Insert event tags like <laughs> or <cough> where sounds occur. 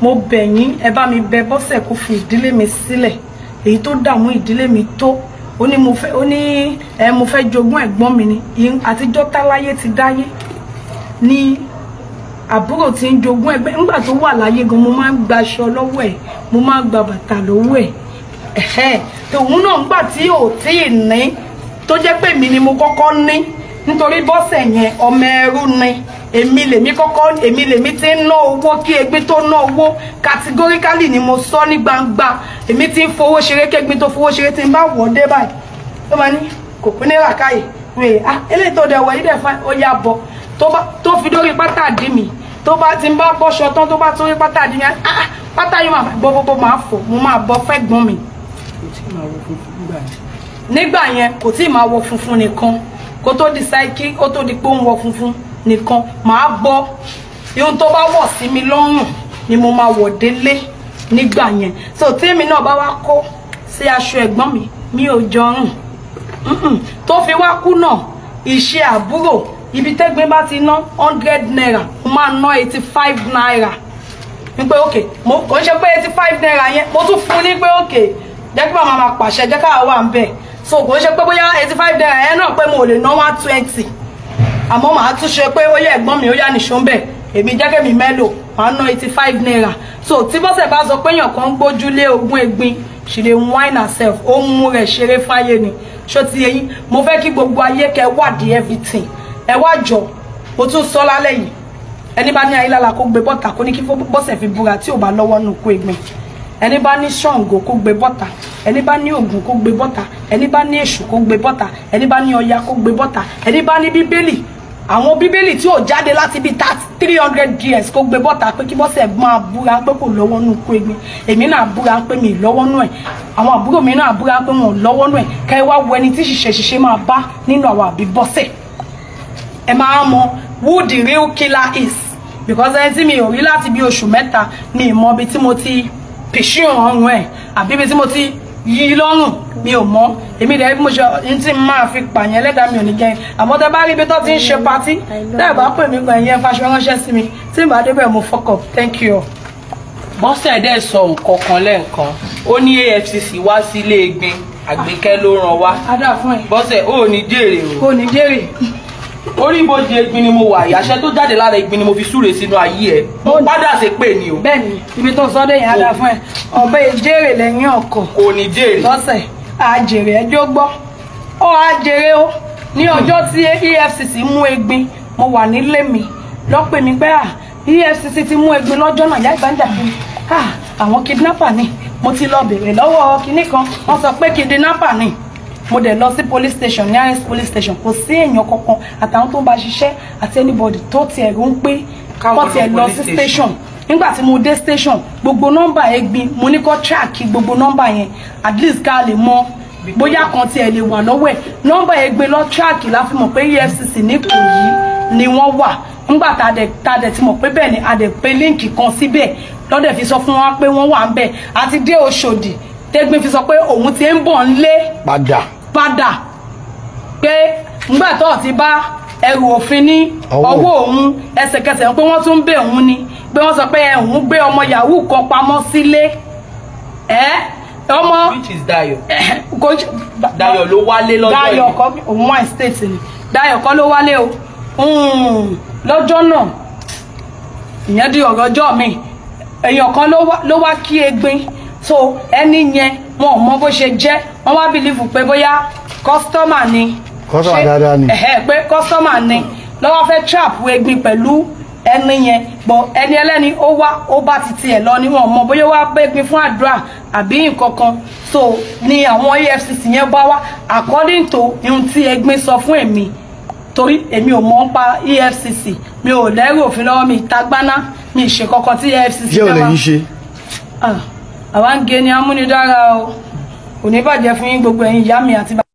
mo bẹ̀ yín ẹ bá mi bẹ bọ́sẹ̀ kó fi ìdílé mi sílẹ̀ èyí tó dààmú ìdílé mi tó ó ní mo fẹ́ ó ní ẹ mo fẹ́ jogún ẹ̀gbọ́n mi ni àtijọ́ táláyé ti dáyé ni àbúrò tí ń jogún ẹgbẹ́ nígbà tó wà láyé gan mo máa ń gbaṣọ lọ́wọ́ ẹ̀ mo máa ń gba bàtà lọ́wọ́ ẹ̀ tòun náà nígbà tí ò tí ì ní tó jẹ́ pé mi ni mo kọ́kọ́ ní nítorí bọ́sẹ̀ yẹn ọmọ ẹrú ni èmi lèmi kọ́kọ́ èmi lèmi ti ń ná owó kí egbin tó ná owó categorically ni mo sọ ní gbangba èmi ti ń fowó ṣeré kégbin tó fowó ṣeré ti ń bá wọ̀ dé báyìí ó máa ní kò pín ní làkàyè wèé ah eléyìí tó dẹ̀ wọ̀ yìí dẹ̀ fún ó yá bọ̀ tó fi dórí pátá dì mí tó bá ti ń bá bọ́ṣọ tán tó bá tó rí pátá àdí yẹn ah pátá yìí máa gbọ́ gbogbo máa fò mo máa bọ́ fẹ́ gbọ́n mi. nígbà yẹn kò tí ì máa wọ funfun nìkan kó tó di sáìkì ó tó di pé ń wọ funfun nìkan màá bọ́ ihun tó bá wọ̀ sí mi lọ́rùn ni mo máa wọ̀ délé nígbà yẹn so tèmi náà bá wá kó sí aṣọ ẹ̀gbọ́n mi mi ò jọrùn tó fi wá kú náà ìṣe àbúrò ibi tẹ́gbẹ́ bá ti ná hundred naira mo máa ná eighty five naira wípé ok mo kò ń ṣe pé eighty five naira yẹn mo tún fún un ní pé ok jẹ́ kí màmá máa pàṣẹ jẹ́ káwa wà ń bẹ̀ so kò ń ṣe pé bóyá eighty five naira ẹ náà pé mo lè ná one twenty àmọ́ màá tún ṣe pé ó yẹ ẹ̀gbọ́n mi ó yá nìṣó ń bẹ̀ èmi jẹ́kẹ́ mi mẹ́lò màá ná eighty five naira so tí bọ́sẹ̀ bá sọ pé èèyàn kan ń gbójú lé ogún egbin she dey whine herself ó mú rẹ̀ ṣeré fáyé ni ṣó ti yẹ yín mo fẹ́ kí gbogbo ayé kẹ wádìí everything ẹ wá jọ mo tún sọ lálẹ́ yìí ẹni bá ní ayélujára kó gbé bọ́tà kó ní kí bọ́sẹ̀ fi búra tí ò bá lọ́wọ́ nù kó egbin ẹni bá ní ṣàǹgó kó gbé bọ́tà ẹni bá ní ògùn kó gbé bọ́ta ẹni bá ní èṣù kó gbé bọ́ta ẹni bá ní ọya kó gbé bọ́ta ẹni bá ní bíbélì àwọn bíbélì tí ò jáde láti bíi three hundred years kó gbé bọ́ta pé kí bọ́sẹ̀ máa búra pé kò lọ́wọ́ nù kó egbin èmi náà búra pé mi lọ́wọ́ nù ẹ̀ àwọn àbúrò mi náà búra pé wọn lọ́wọ́ nù ẹ̀ ká ẹ wá wo ẹni tí ṣiṣẹ́ ṣiṣẹ́ máa bá nínú àwọn àbí bọ́sẹ̀ ẹ máa mọ who the real killer is because ẹni tí mi ò rí láti bí oṣù mẹ́ta ni ìmọ̀ ibi tí mo ti pèsè ọ̀run ẹ̀ àbí ibi tí mo ti yí lọ́rùn mi ò mọ́ èmi rẹ̀ bí mo ṣe ń tí máa fi pààyàn ẹlẹ́dàá mi ò ní jẹ́ àmọ́ tẹ bá rí ibi tó ti ń ṣe patí tẹ́ ẹ̀ bá pè mí gan ẹ̀yẹn faṣọ ránṣẹ́ sí mi tí màá débẹ̀ mo fuck up thank you. bọ́sẹ̀ dẹ̀ sọ nǹkan kan lẹ́ẹ̀kan ó ní AFCC wá sílé egbin àgbékẹ́ ló ràn wá bọ́sẹ̀ ó ní jèrè o. ó ní jèrè orí ibojì egbin ni mo wà àṣẹ tó jáde lára egbin ni mo fi súre sínú ayé ẹ mo padà sí pé ni o. bẹ́ẹ̀ni ibi tó sọ déyìn ada fún ẹ ọbẹ ìjèrè lẹ́yìn ọkọ kò ní jèrè lọ́sẹ̀ àjèrè ẹjọ́ gbọ́ ó àjèrè o ní ọjọ́ tí EFCC mú egbin mo wà nílé mi lọ́pẹ́ mi pé EFCC ti mú egbin lọ́jọ́ náà yá ìbáńdà mi àwọn kidnapper ni mo ti lọ bèrè lọ́wọ́ kinní kan wọ́n sọ pé kidnapper ni mo dẹ̀ lọ sí police station nearest police station kò sí èèyàn kankan àtàwọn tó ń bá ṣiṣẹ́ àti anybody tó tiẹ̀ ń pé kọ́ tiẹ̀ lọ sí station nígbà tí mo dé station gbogbo nọ́mbà ẹ̀gbin mo ní kó track gbogbo nọ́mbà yẹn at least ká lè mọ bóyá kan tiẹ̀ lè wà lọ́wọ́ ẹ̀ nọ́mbà ẹ̀gbin lọ track láfimọ̀ pé EFCC ní kò ni wọ́n wà nígbà tá a dẹ̀ ti mọ̀ pé bẹ́ẹ̀ ni a dẹ̀ pe líǹkì kan síbẹ̀ lọ́dẹ̀ fi sọ fún wa pé wọ́n wà ń bẹ̀ àti dé Òṣòdì tẹ́gbin fi sọ pé òun ti ń bọ̀ ń lé. padà padà pé ngbà tó ti bá ẹrù òfin ní ọwọ́ òun ẹsẹ̀kẹsẹ̀ pé wọ́n tún bẹ̀ òun ni pé wọ́n sọ pé ẹ̀hún gbé ọmọ yahoo kan pamọ́ sílé ẹ̀ ọmọ which is Dayo <laughs> eh, Dayo ló wálé lọ́jọ́ yìí Dayo kọ́ òun wine state ni Dayo kọ́ ló wálé o hmm, lọ́jọ́ náà ìyẹn di ọ̀rọ̀ ọjọ́ mi èèyàn kan ló wá kí egbin so ẹni yẹn wọn ò mọ bó ṣe jẹ́ wọ́n wá bìlífù pé bóyá kọ́sítọ́mà ni kọ́sítọ́mà dáadáa ni pé kọ́sítọ́mà ni lọ́wọ́ fẹ́ trap egbin pẹ̀lú ẹni yẹn bọ̀ ẹni ẹlẹ́ni ó wá ó bá ti tiẹ̀ lọ ni wọn ò mọ bóyá wá bẹ́gbin fún àdúrà àbí nǹkan kan so ni àwọn EFCC yẹn bá wá according to ihun tí egbin sọ fún èmi torí èmi ò mọ̀ ń pa EFCC mi ò lẹ́rù òfin lọ́wọ́ mi tagbáná mi ì kankan tí EFCC fẹ́ wá. díẹ̀ lè yí ṣe. Ah àwa ń gé ni amúnidára o kò ní bàjẹ́ fún gbogbo ẹ̀yin ìyá mi àti